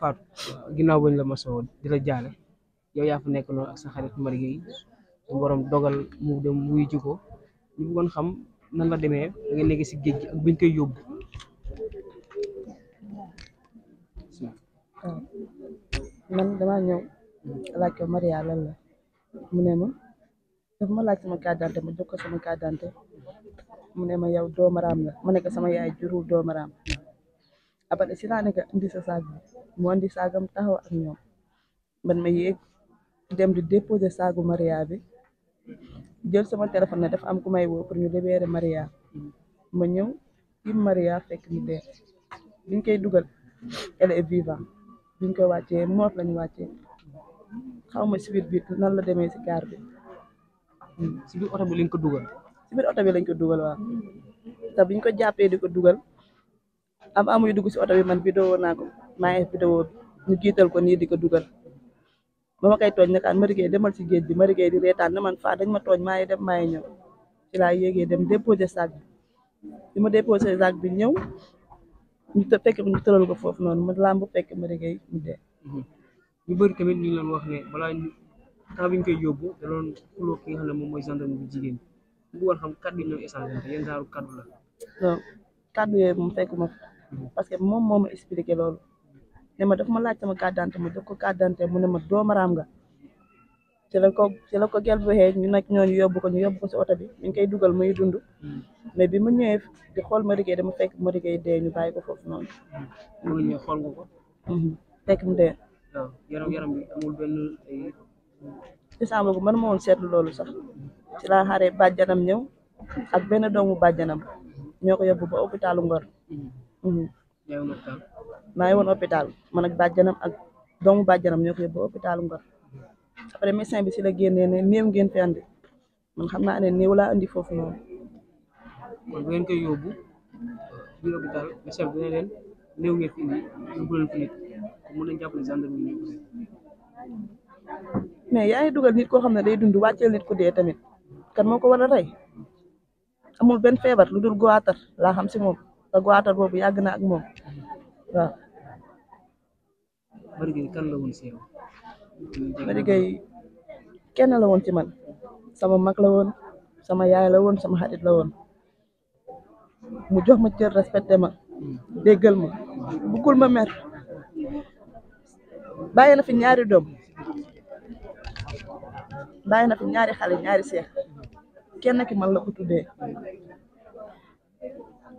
Fatou ginnaaw bañ la masoo soo di la jaale yow yaa nekk loolu ak sa xarit Marie Guèye suñu borom dogal mu dem wuy ji xam nan la demee da nga nekk si géej gi ak buñ koy yóbbu. Ah, man damaa ñëw laaj ko Maria lan la mu ne ma daf ma laaj sama carte ma jox ne ma yow doomaraam la ma nekk sama yaay jurul doomaraam après si laa nekk indi sa saag bi moo indi saagam taxaw ak ñoom man ma yéeg dem di déposer saagu Maria bi jël sama téléphone ne dafa am ku may woo pour ñu libérer Maria ma ñëw im Maria fekk mu dee biñ koy dugal elle est vivante biñ koy wàccee mort lañu wàccee xaw ma si biir bi nan la demee si kaar bi. si biir oto bi lañ ko dugal. si oto bi lañ ko dugal waaw te biñ ko jàppee di ko dugal. am amuy dugg si oto bi man vidéo naa ko maa ngi vidéo ñu giital ko nii di ko dugal ba ma koy tooñ nakaan ah, marigéey demal si géej bi marigéey di reetaan na man faa dañ ma tooñ maa ngi dem maa ngi ñëw ci laa yéegee dem déposé sac bi bi ma déposé sac bi ñëw ñu fekk ñu ko foofu noonu ma làmb fekk marigéey mu dee mhm. ñu bëri tamit ñu ngi wax ne balaa ñu temps bi ñu koy yóbbu da doon ki nga moom mooy gendarme bu jigéen bu war xam kaddu yi ñoo échange yan genre la parce que moom moom expliqué loolu ne ma def ma laaj ma carte ma jox ko carte mu ne ma doomaraam ga nga la ko ci la ko gel bu waxee ñu nag ñooñu yóbbu ko ñu yóbbu ko si oto bi ñu ngi koy dugal muy dund mais bi ma ñëwee di xool Marigué dama fekk Marigué dee ñu bàyyi ko foofu noonu. loolu ñu xool nga ko. Mhm. fekk mu dee. waaw yaram yaram amul benn ay. isaan boobu man ma seetlu loolu sax ci laa xaaree bàjjanam ñëw ak benn doomu bàjjanam ñoo ko yóbbu ba hôpitalu Ngor. Mhm. Mhm. maa ngi woon hôpital man ak bàjjanam ak doomu bàjjanam ñoo ko yóbbu hôpitalu Ngor après médecin bi si la génnee ne néew fi andi man xam naa ne néew laa andi foofu noonu. kon bu ngeen koy yóbbu biir hôpital médecin bi mais yaa dugal nit koo xam ne day dund wàcceel nit ku dee kan moo ko war a rey amul benn feebar lu dul goatar laa xam si moom. te Guattare boobu yàgg na ak moom waaw. Mary Gueye kan la woon si yow. Mary kenn la woon ci man sama mag la woon sama yaay la woon sama xarit la woon mu jox ma cër respecté ma déggal ma bëggul ma mer bàyyi na fi ñaari doom bàyyi na fi ñaari xale ñaari seex kenn ki la ko tuddee.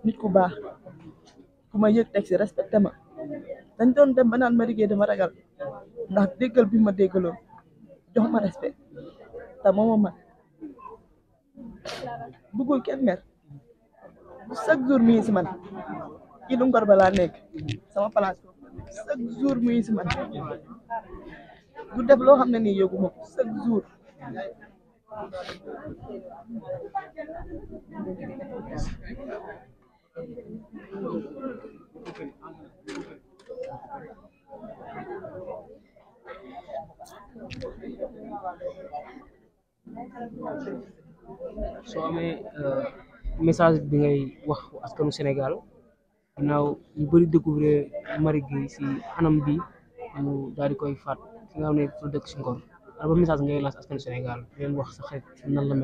nit ku baax ku ma yëg teg si respecté ma dañ doon dem ba naan ma liggéey dama ragal ndax déggal bi ma déggaloon jox ma respect te mooma man bëggul kenn mer jour mu ngi si man kii laa nekk sama place chaque jour mu ngi si man du def loo xam ne nii yëgu ma ko jour soo amee euh, message bi ngay wax askanu Sénégal ginnaaw ñu bëri découvrir Marie Gueye si anam bi mu daal di koy faat fi nga xam ne dafa dëkk si Ngor ba message ngay laas Sénégal leen wax sa xarit nan la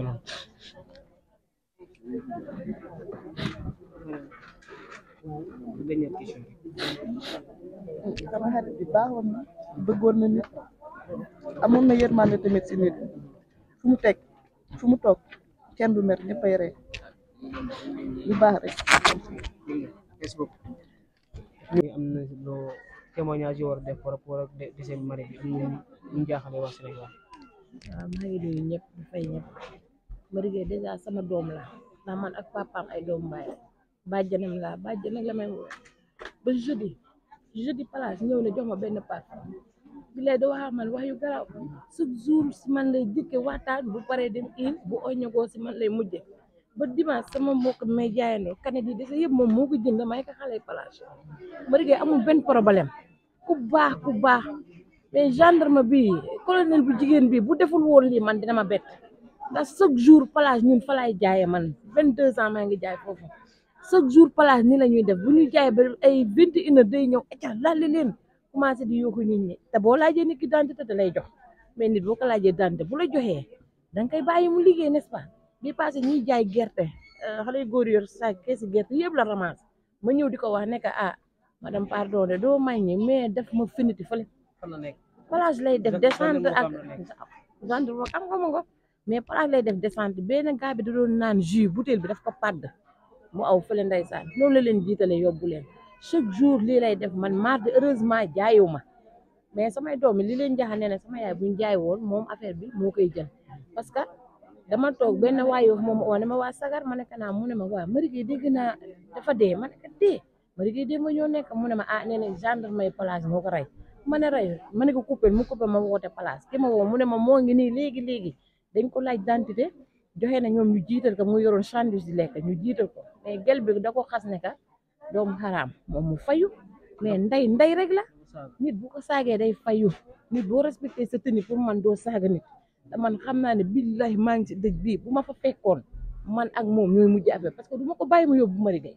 sama xarit bi na bëggoon na nit amoon na yërmande tamit si nit fu mu teg fu mu toog kenn du mer ñëpp ay ree lu rek merci beaucoup am na loo témoignage war def par de seen mari am na ñu jaaxale waa Sénégal waaw maa sama doom la ndax man ak papaam ay doom mbaay bàjjanam laa bàjjan nag la may woo ba jeudi jeudi place ñëw ne jox ma benn parfum bi lay man wax yu chaque jour si man lay jëkke waxtaan bu paree dem il bu oññagoo si man lay mujje ba dimanche sama mbokk may jaayandoo kanet yi dese yëpp moom moo ko jënd may ko xale place ma rigee amul benn problème ku baax ku baax mais gendarme bi colonel bu jigéen bi bu deful woon lii man dina ma bett ndax chaque jour palage ñun fa laay jaayee man vint deux ans maa ngi jaay foofu chaque jour place ni la ñuy def bu ñu jaay ba ay vingt et une heures day ñëw acca laale leen commencé di yokku nit ñi te boo laajee nit ki dentité da lay jox mais nit boo ko laajee dentité bu la joxee da nga koy bàyyi mu liggéey n'est-ce pas bi passé ñuy jaay gerte euh, xale yu góor yor sa keesi gerte yëpp la ramasse ma ñëw di ko wax ne ah madame pardon de doo may ñi mais def ma finiti fële place lay def descente ak centre am nga ma ngo mais place lay def descente benn gaa bi da doon naan jus bouteille bi daf ko padd mu aw fële ndeysaan loolu la leen jiitale yóbbu leen chaque jour lii lay def man mardi heureusement jaayu ma mais samay doom li leen jaxal ne ne sama yaay buñ jaay woon moom affaire bi moo koy jël parce que dama toog benn waay yoo moom oo ne ma waa sagar ma nekk naa mu ne ma waa Marie Gueye dégg naa dafa dee ma nekk dee Marie Gueye dee ma ñoo nekk mu ne ma ah nee na gendarmerie place moo ko rey ma ne rey ma ne ko coupé mu coupé ma woote place ki ma woo mu ne ma moo ngi nii léegi léegi dañ ko laaj identité joxe na ñoom ñu jiital ko mu yoroon sandwich di lekk ñu jiital ko mais gel bi da ko xas ne ka doomu xaraam moom mu fayu mais ndey ndey rek la nit bu saagee day fayu nit boo respecté sa tenue pour man doo saaga nit man xam naa ne billahi maa ngi ci dëj bii bu ma fa fekkoon man ak moom ñooy mujj affaire parce que duma ko bay mu yóbbu mari de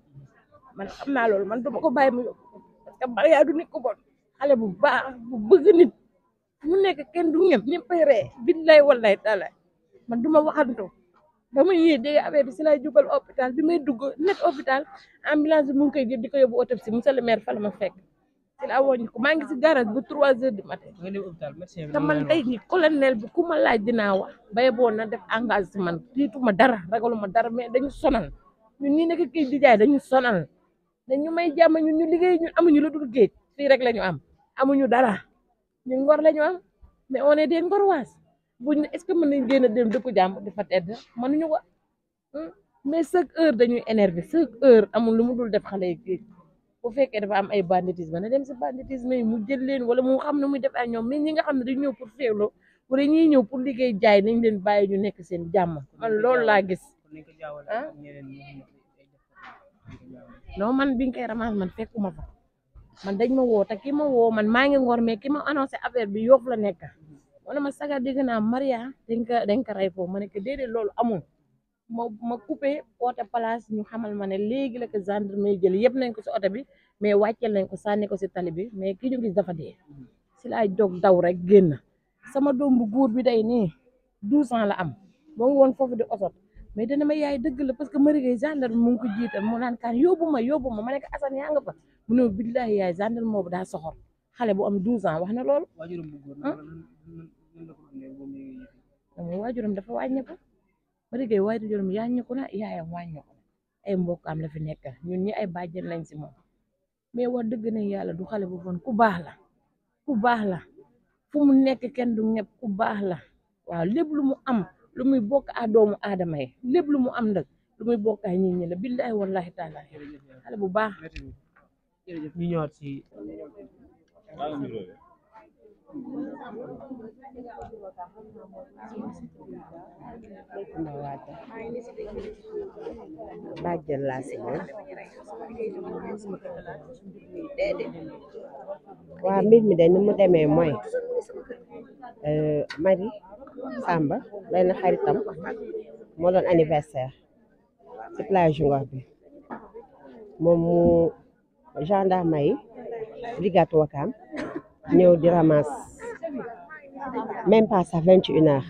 man xam naa loolu man du ko bay mu yóbbu parce que Maria du nit ko bon xale bu baax bu bëgg nit mu nekk kenn du ñëpp ñëppay ree billahi wallahi taala man du ma waxantu ba mu yéegee affaire bi si lay jubal hôpital bi may dugg net hôpital ambulance bi mu ngi koy jël di ko yóbbu autopsie monsieur le maire fa la ma fekk si la awoon ko maa ngi si garage bu trois heures du matin te man tey ni colonel bi ku ma laaj dinaa wax bay boo na def engagement tiituma dara ma dara mais dañu sonal ñun ñii nekk kii di jaay dañu sonal dañu may jàmm ñun ñu liggéey ñun amuñu lu dul géej fii rek la ñu am amuñu dara ñu ngor la ñu am mais on est des ngorwaas buñ est-ce que mën nañ génn dem dëkku jàmm di fa tedd mënuñu ko hmm? mais chaque heure dañuy énervé chaque heure amul lu mu dul def xale yi bu fekkee dafa am ay banditisme na dem si banditisme mais mu jël leen wala mu xam na muy def ay ñoom mais ñi nga xam ne dañu ñëw pour féewloo wala ñuy ñëw pour liggéey jaay nañ leen bàyyi ñu nekk seen jàmm man loolu laa gis ah non man biñ koy ramas man ma fa man dañ ma woo te ki ma woo man maa ngi ngor mais ki ma annoncé affaire bi yoof la nekk wala ma saga dégg naa Maria dañ ko dañ ko rey foofu ma ne ko déedéet loolu amul ma ma coupé oote place ñu xamal ma ne léegi la ko gendarmerie jël yëpp nañ ko si oto bi mais wàcceel nañ ko sànni ko si tali bi mais ki ñu gis dafa dee si laay dog daw rek génn sama doom bu góor bi day nii douze ans la am moo ngi woon foofu di osot mais dana ma yaay dëgg la parce que Marie gendarme mu ngi ko jiital mu naan kaan yóbbu ma yóbbu ma ma nekk Assane yaa nga fa mu ne billahi yaay gendarme moobu daa soxor xale bu am douze ans wax na loolu moom waajuram dafa wàññeeku Marie Gueye waajuram yàññeeku na yaayam wàññeeku na ay mbokkam la fi nekkal ñun ñi ay bàjjen lañ si moom mais wax dëgg ne yàlla du xale bu bon ku baax la ku baax la fu mu nekk kenn du ñëpp ku baax la waaw lépp lu mu am lu muy bokk a doomu aadama yi lépp lu mu am nag lu muy bokk a ñi ñi la billahi wallahi taala xale bu baax bàjjan laa si moom waa mbir mi de ni mu demee mooy euh, Marie Samba benn xaritam moo doon anniversaire ci plage Ngor bi moom mu gendarme yi brigade Wakaam ñëw di ramas même pas sax vingt une heure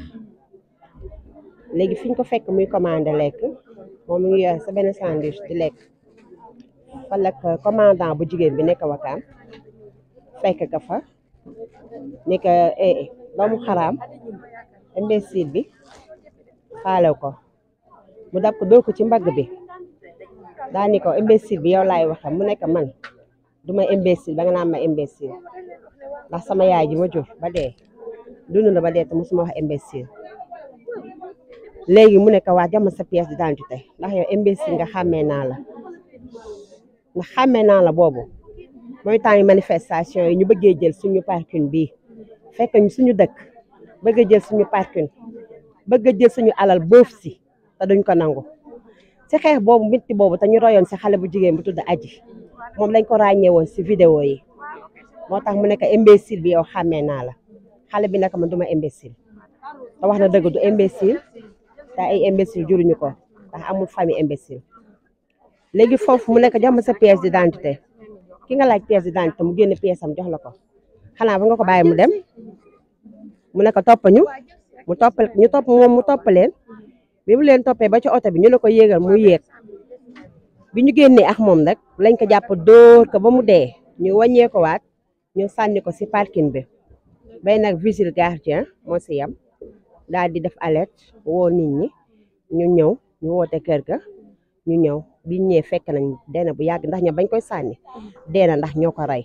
léegi fi ko fekk muy commandé lekk moom mu ngi yor sa benn sandwich di lekk fan la commandant bu jigéen bi nekk wakaam fekk ka fa ni que eh, eh doomu xaraam imbécile bi faale ko mu dab ko dóor ko ci mbagg bi daa ni ko imbécile bi yow laay waxe mu nekk man du ma imbécile ba nga naan ma imbécile ndax sama yaay ji ma jur ba dee dund na ba dee te mosuma wax imbécile léegi mu nekk waa jàmm sa pièce di daan ju tey ndax yow imbécile nga xàmmee naa la ndax xàmmee naa la boobu mooy temps yi manifestation yi ñu bëggee jël suñu parking bii fekk ñu suñu dëkk bëgg jël suñu parking bëgg jël suñu alal boof si te duñ ko nangu si xeex boobu mitti boobu te ñu royoon si xale bu jigéen bu tudd aji moom lañ ko ràññee woon si vidéo yi moo tax mu nekk imbécile bi yow xàmmee naa la xale bi naka ma duma imbécile te wax na dëgg du imbécile te ay imbécile juruñu ko ndax amul famille imbécile léegi foofu mu nekk jox ma sa pièce d'identité ki nga laaj pièce d'identité mu génn pièce am jox la ko xanaa ba nga ko bàyyi mu dem mu nekk topp ñu mu ñu topp moom mu topp leen bi mu leen toppee ba ci oto bi ñu la ko yéegal mu yéeg bi ñu génnee ak moom rek lañ ko jàpp dóor ko ba mu dee ñu wàññee ko waat ñu sànni ko si parking bi bay nag vigile gardien moo si yam daal di def alerte woo nit ñi ñu ñëw ñu woote kër ga ñu ñëw biñ ñëwee fekk nañ deena bu yàgg ndax ña bañ koy sànni dena ndax ñoo ko rey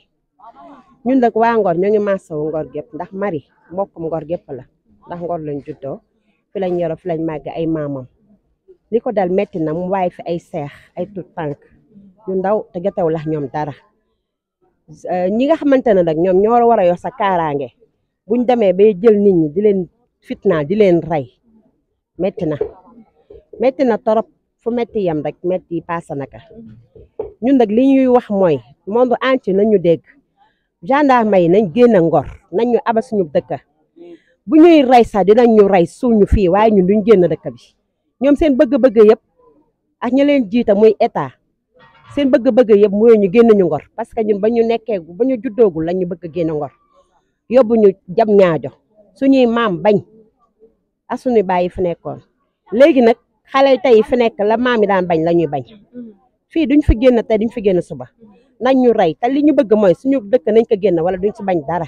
ñun nag waa Ngor ñoo ngi maasawu Ngor gépp ndax mari mbokkum Ngor gépp la ndax Ngor lañ juddoo fi lañ yoroo fi lañ màgg ay maamam li ko dal metti na mu waaye fi ay seex ay tut tànk yu ndaw te jotew lax ñoom dara Euh, ñi nga xamante ne nag ñoom ñoo war a yor sa kaaraange buñ demee bay jël nit ñi di leen fitna di leen rey métti na métti na torop fu métti yam rek métti paase naka ñun nag li ñuy wax mooy monde entier na ñu dégg gendarme yi nañ génn ngor nañ ñu aba suñu dëkk bu ñuy rey di dinañ ñu rey suul ñu fii waaye ñun duñ génn dëkk bi ñoom seen bëgg-bëgg yëpp ak ña leen jiita muy état. si bëgg-bëgg yëpp mooy ñu génn ñu ngor parce que ñun ba ñu nekkee ba ñu juddoogul lañ ñu bëgg génn ngor yóbbu ñu jam ñaajo suñuy maam bañ ak suñuy bàyyi fi nekkoon léegi nag xale tey fi nekk la maam yi daan bañ la ñuy bañ fii duñ fi génn tey duñ fi génn suba nañ ñu rey te li ñu bëgg mooy suñu dëkk nañ ko génn wala duñ si bañ dara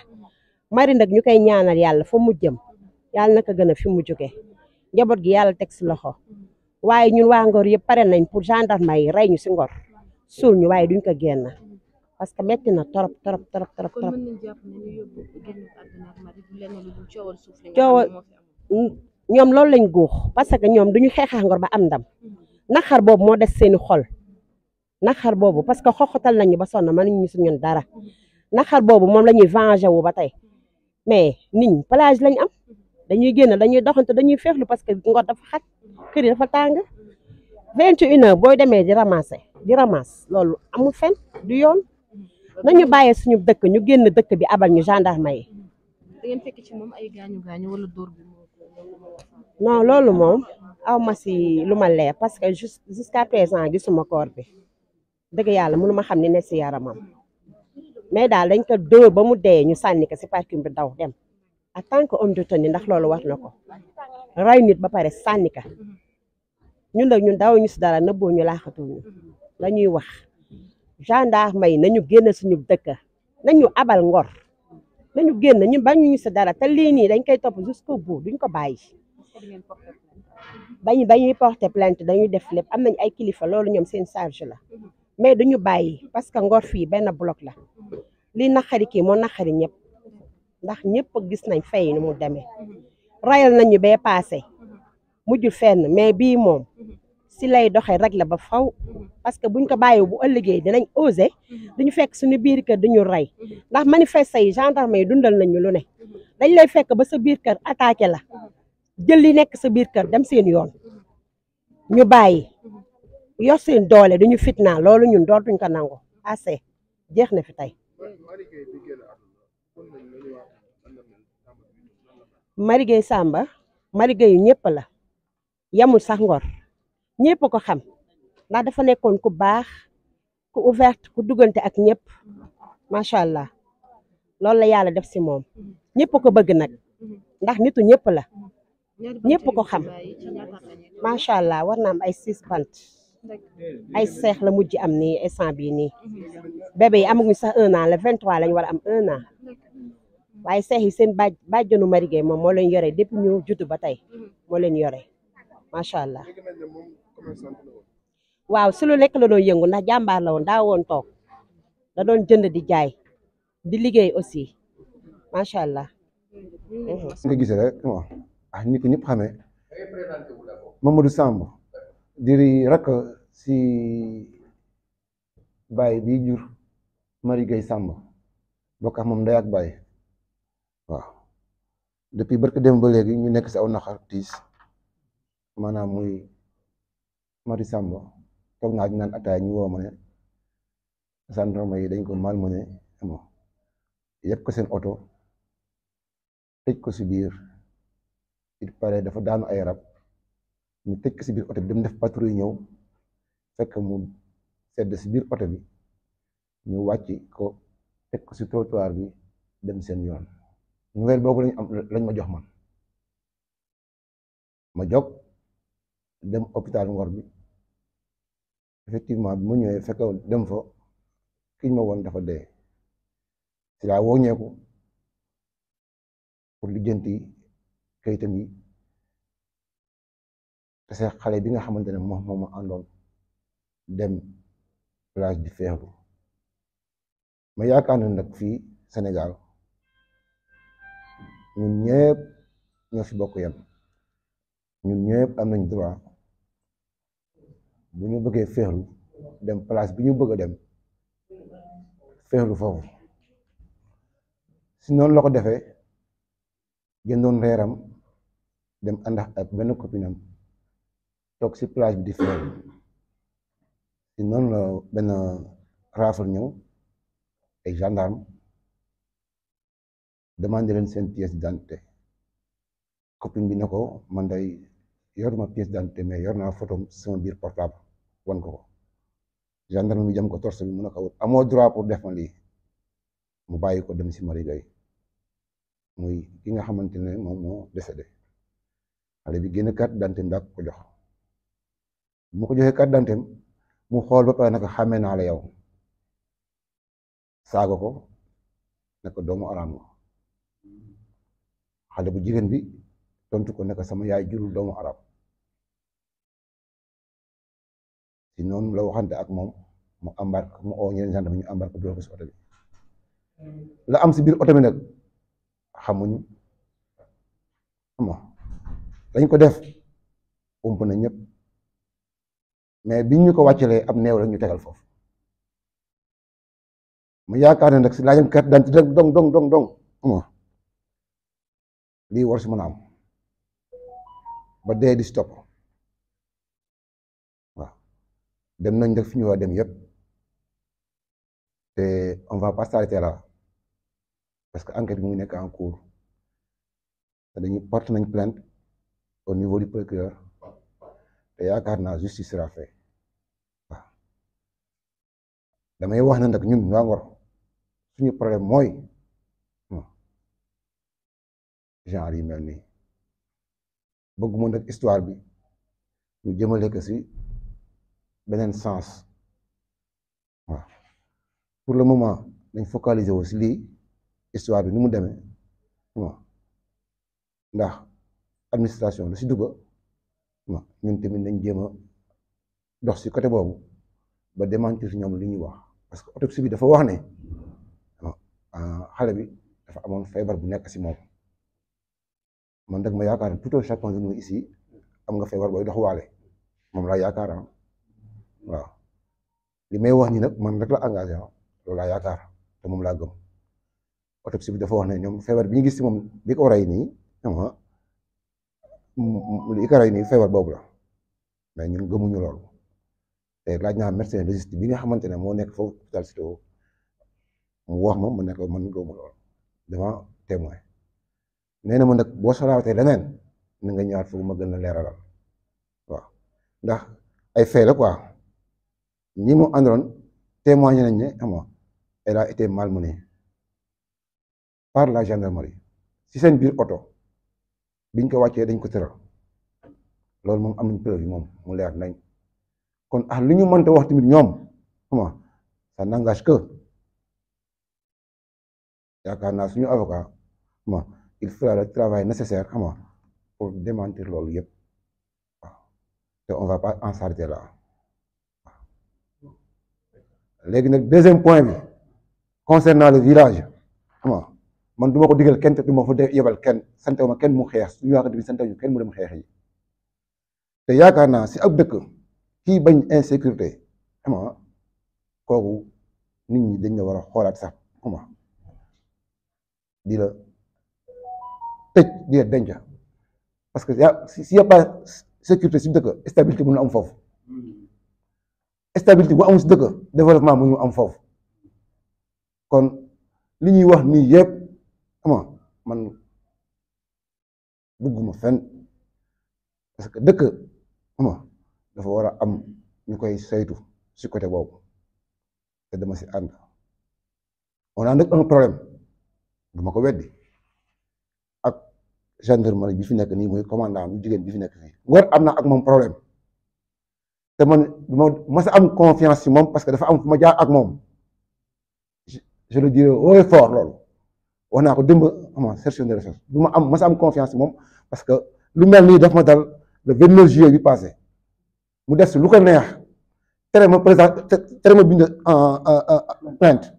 mari nag ñu koy ñaanal yàlla fa mu jëm yàlla na ko gën a fi mu jógee njaboot gi yàlla teg si loxo waaye ñun waa yëpp pare nañ pour gendarmerie rey ñu si Ngor suul ñu waaye duñ ko génn parce que metti na trop trop trop trop trop coowal ñoom loolu lañ góox parce que ñoom duñu xeexax ngor ba am ndam naxar boobu moo des seeni xol naxar boobu parce que xoxotal nañu ba sonn mënuñ ñu suñu dara naxar boobu moom la ñuy venger wu ba tey mais nit ñi plage lañ am dañuy génn dañuy doxante dañuy feexlu parce que ngor dafa xat kër yi dafa tàng vingt et une heures booy demee di ramasser di ramasse loolu amul fen du yoon nañu bàyyee suñu dëkk ñu génn dëkk bi abal ñu gendarme yi. da ngeen fekk ci moom ay gaañu gaañu wala dóor bi non loolu moom lu ma leer parce que juste jusqu'à présent gisuma corps bi dëgg yàlla mënu ma xam ni ne si yaramam mais daal dañ ko dóor ba mu dee ñu sànni ko si parking bi daw dem en tant que homme de tenue ndax loolu war na ko rey nit ba pare sànni ka ñun la ñun daw ñu si dara nëbboo ñu laaxatuñu la ñuy wax gendarme yi nañu génn suñu dëkk ñu abal ngor nañu génn ñun bañuñu sa dara te lii nii dañ koy topp jusqu'au bout ñu ko bàyyi bañ bañuy porter plainte dañuy def lépp am nañ ay kilifa loolu ñoom seen charge la mais duñu bàyyi parce que ngor fii benn bloc la lii naqari ki moo naqari ñëpp ndax ñëpp gis nañ fay nu mu demee rayal nañu bee paase mujjul fenn mais bii moom si lay doxee rek la ba faw parce que buñ ko bàyyiwu bu ëllëgee dinañ osé mhm. duñu fekk suñu biir kër duñu rey mhm. ndax manifeste yi gendarme yi dundal nañu lu ne mhm. dañ lay fekk ba sa biir kër attaqué la jël li nekk sa biir kër dem seen yoon ñu bàyyi yor seen doole duñu na loolu ñun dootuñ ko nangu assez jeex na fi tey Marie Gueye Samba Marie Gueye yu ñëpp la yamul sax ngor ñëpp ko xam ndax dafa nekkoon ku baax ku ouverte ku duggante ak ñëpp macha allah loolu la yàlla def si moom ñëpp ko bëgg nag ndax nitu ñëpp la ñëpp ko xam macha allah war na am ay six bant ay seex la mujj am nii instant bii nii bébé yi amaguñ sax un an le vingt trois lañ war am un an waaye seex yi seen bàjj bàjjanu Marie Gueye moom moo leen yore depuis ñu juddu ba tey moo leen yore macha allah. waaw si lu lekk la doon yëngu ndax jàmbaar la woon daa woon toog da doon jënd di jaay di liggéey aussi macha allah. nga gisee rek ah ni ko ñëpp xamee Mamadou Samb di rakk si baay bi jur ma Gueye Samb bokk ak moom ndey ak baay depuis barke dem ba léegi ñu nekk si aw naxar tiis maanaam muy. Mari Samba toog naa ñu naan ataaya ñu woo ma ne gendarme yi dañ ko malmené mo yëpp ko seen oto tëj ko si biir il paraît dafa daanu ay rab ñu tëj ko si biir oto bi dem def patrouille ñëw fekk mu sedd si biir oto bi ñu wàcc ko teg ko si trottoir bi dem seen yoon nouvelle boobu lañ ma jox man ma jóg dem hôpital Ngor bi effectivement bi mu ñëwee fekk dem fa kiñ ma woon dafa dee si laa wóññeeku pour lijjanti kayitam yi te see xale bi nga xamante ne moo ma àndoon dem plage di feexlu ma yaakaar na nag fii Sénégal ñun ñëpp ñoo fi bokk yam ñun ñëpp am nañ bu ñu bëggee féexlu dem place bi ñu bëgg a dem feexlu foofu si noonu la ko defee jëndoon reeram dem ànd ak benn copinam toog si plage bi di féexlu si noonu la benn rafle ñëw ay gendarme demandé leen seen pièce d'identité copine bi ne ko man day yoruma pièce d'identité mais yor naa photo sama biir portable wan ko ko gendarme bi jam ko torse bi mu ne ko amoo droit pour def ma lii mu bàyyi ko dem si Marie Gueye muy ki nga xamante ne moom moo décédé xale bi génn carte d'identité ndax ko jox mu ma ko joxee carte d'identité mu xool ba pare naka xàmmee naa la yow saago ko nekk doomu araam nga xale bu jigéen bi tontu ko ne sama yaay jurul doomu araam ci noonu la waxante ak moom mu embarque mu oo ñeneen gendarme ñu embarque bloqué si oto bi la am si biir oto bi nag xamuñ ama ko def ump na ñëpp mais biñ ñu ko wàccalee ab néew la ñu tegal foofu mu yaakaar ne nag si laajam carte d'identité rek dong dong dong dong ama lii war si mën a am ba dee di dem nañ def fi ñu war dem yëpp te on va parce que enquête bi mu ngi nekk en cours te dañuy porte nañ plainte au niveau du procureur te yaakaar naa justice sera faite wax na nag ñun waa Ngor suñu problème mooy hmm, genre yu mel nii bëgguma nag histoire bi ñu jëmale ko si beneen sens waaw pour le moment dañ focaliser wu si lii histoire bi ni mu demee non ndax administration lu si dugg non ñun tamit dañ jéem a dox si côté boobu ba démentir si ñoom li ñuy wax parce que autopsie bi dafa wax ne ah, xale bi dafa amoon feebar bu nekk si moom man dag ma yaakaar ne tout un chacun de nous isi am nga feebar booy dox waale moom laa yaakaar ah. waaw li may wax nii nag man rek la engagé ah loolu laa yaakaar te moom laa gëm autopsie bi dafa wax ne ñoom feebar bi ñu gis ci moom bi ko rey nii xam ah, li ko rey nii feebar boobu la mais ñun gëmuñu loolu te laaj naa médecin légiste bi nga xamante ne moo nekk foofu hôpital Citeaux mu wax ma mu nekk man gëmu loolu dama témoin nee na ma nag boo soxlaatee leneen na nga ñëwaat foofu ma gën a leeralal waaw ndax ay fee la ñi mu àndoon témoigné nañ ne ama elle a été malmenée par la gendarmerie si seen biir oto biñ ko wàccee dañ ko tëral loolu moom am nañ preuve yi moom mu leer nañ kon a ah, lu ñu mënta wax tamit ñoom ama ça n'engage que yaakaar naa suñu avocat ama il fera le travail nécessaire ama pour démentir loolu yëpp waaw te on va pas en s'arrêter là léegi nag deuxième point bi concernant le village xam man du ma ko digal kenn te du ma fa yebal kenn santew ma kenn mu xeex suñu waxati bi santew ñu kenn mu dem xeex yi yaakaar naa si ab dëkk kii bañ insécurité xam kooku nit ñi dañ la war a xoolaat sax xam di la tëj di la denc parce que y' s' il y' a pas sécurité si dëkk stabilité mun na am foofu. stabilité bu amul si dëkk développement mu ñu am foofu kon li ñuy wax nii yëpp ama man bugguma fenn parce que dëkk ama dafa war a am ñu koy saytu si côté boobu te dama si ànd on a nag un problème duma ko weddi ak gendarmerie bi fi nekk nii muy commandant bu jigéen bi fi nekk fii Ngor am na ak moom problème te man ma mas am confiance ci moom parce que dafa am fu ma jaar ak moom je le dirai haut et fort loolu wax naa ko démb ama section de recherche du ma am mas a am confiance ci moom parce que lu mel nii daf ma dal le 29 juillet bi mu def lu ko neex ma présent tere ma bind plainte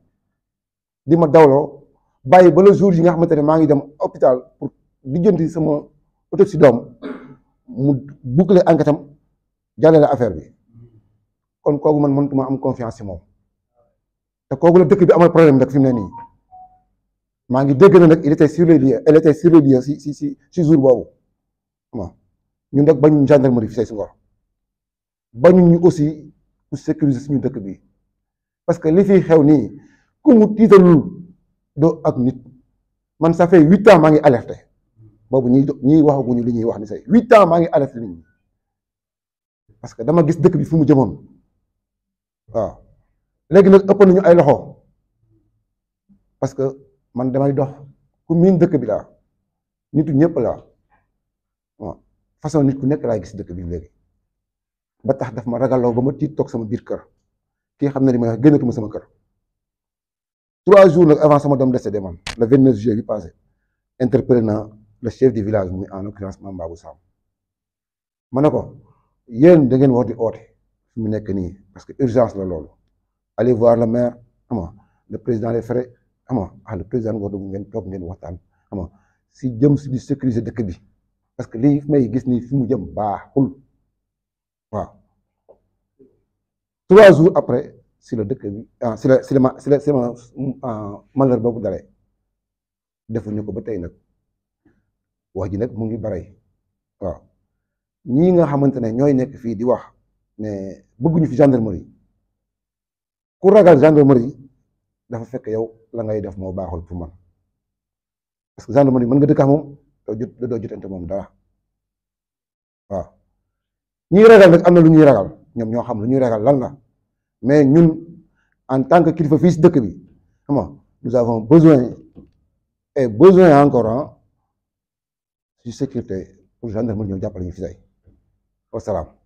di ma dawloo bàyyi ba le jour yi nga xamante ne maa ngi dem hôpital pour lijjanti sama si doom mu boucler enquête jàllale affaire bi kon kooku man mënutuma am confiance moom te kooku la dëkk bi amal problème nag fi mu ne nii maa ngi dégg na nag il était sur les lieux il était sur les lieux si si si si jour boobu waaw ñun nag bañu gendarmerie fi say si ngor bañu ñu aussi pour sécuriser suñu dëkk bi parce que li fi xew nii ku ak nit man ça fait huit ans maa ngi alerté boobu ñuy ñuy waxaguñu li ñuy wax ni say huit ans maa ngi alerté nit parce que dama gis dëkk bi fu mu jëmoon waaw léegi nag ëpp nañu ay loxo parce que man damay dox ku miin dëkk bi laa nitu ñëpp laa waaw façon nit ku nekk laay gis dëkk bi léegi ba tax daf ma ragaloo ba ma tiit toog sama biir kër kii xam na ni ma génnatuma sama kër trois jours nag avant sama doom décédé man le vingt neuf juillet bi passé interpellé na le chef de village muy en l'occurrence Mame Babou Samb ma ne ko yéen da ngeen war di oote fi mu nekk nii parce que urgence la loolu allez voir le maire ama le président des frais a ah le président war dugg ngeen toog geen waxtaan ama si jëm si di sécuriser dëkk bi parce que lii may gis nii fi mu jëm baaxul waaw trois jours après si la dëkk bi ah si la si la si la si la malheur ah, boobu dalee defuñu ko ba tey nag wax ji nag mu ngi bare ñii nga xamante ne ñooy nekk fii di wax ne bëgguñu fi gendarmerie ku ragal gendarmerie dafa fekk yow la ngay def moo baaxul pour man parce que gendarmerie mën nga dëkk ak doo jot doo jotante moom dara waaw ñii ragal nag am na lu ñuy ragal ñoom ñoo xam lu ñuy ragal lan la mais ñun en tant que kilifa fii si dëkk bi xam nga nous avons besoin et besoin encore ah si sécurité pour gendarmerie ñoom jàppale ñu fi salaam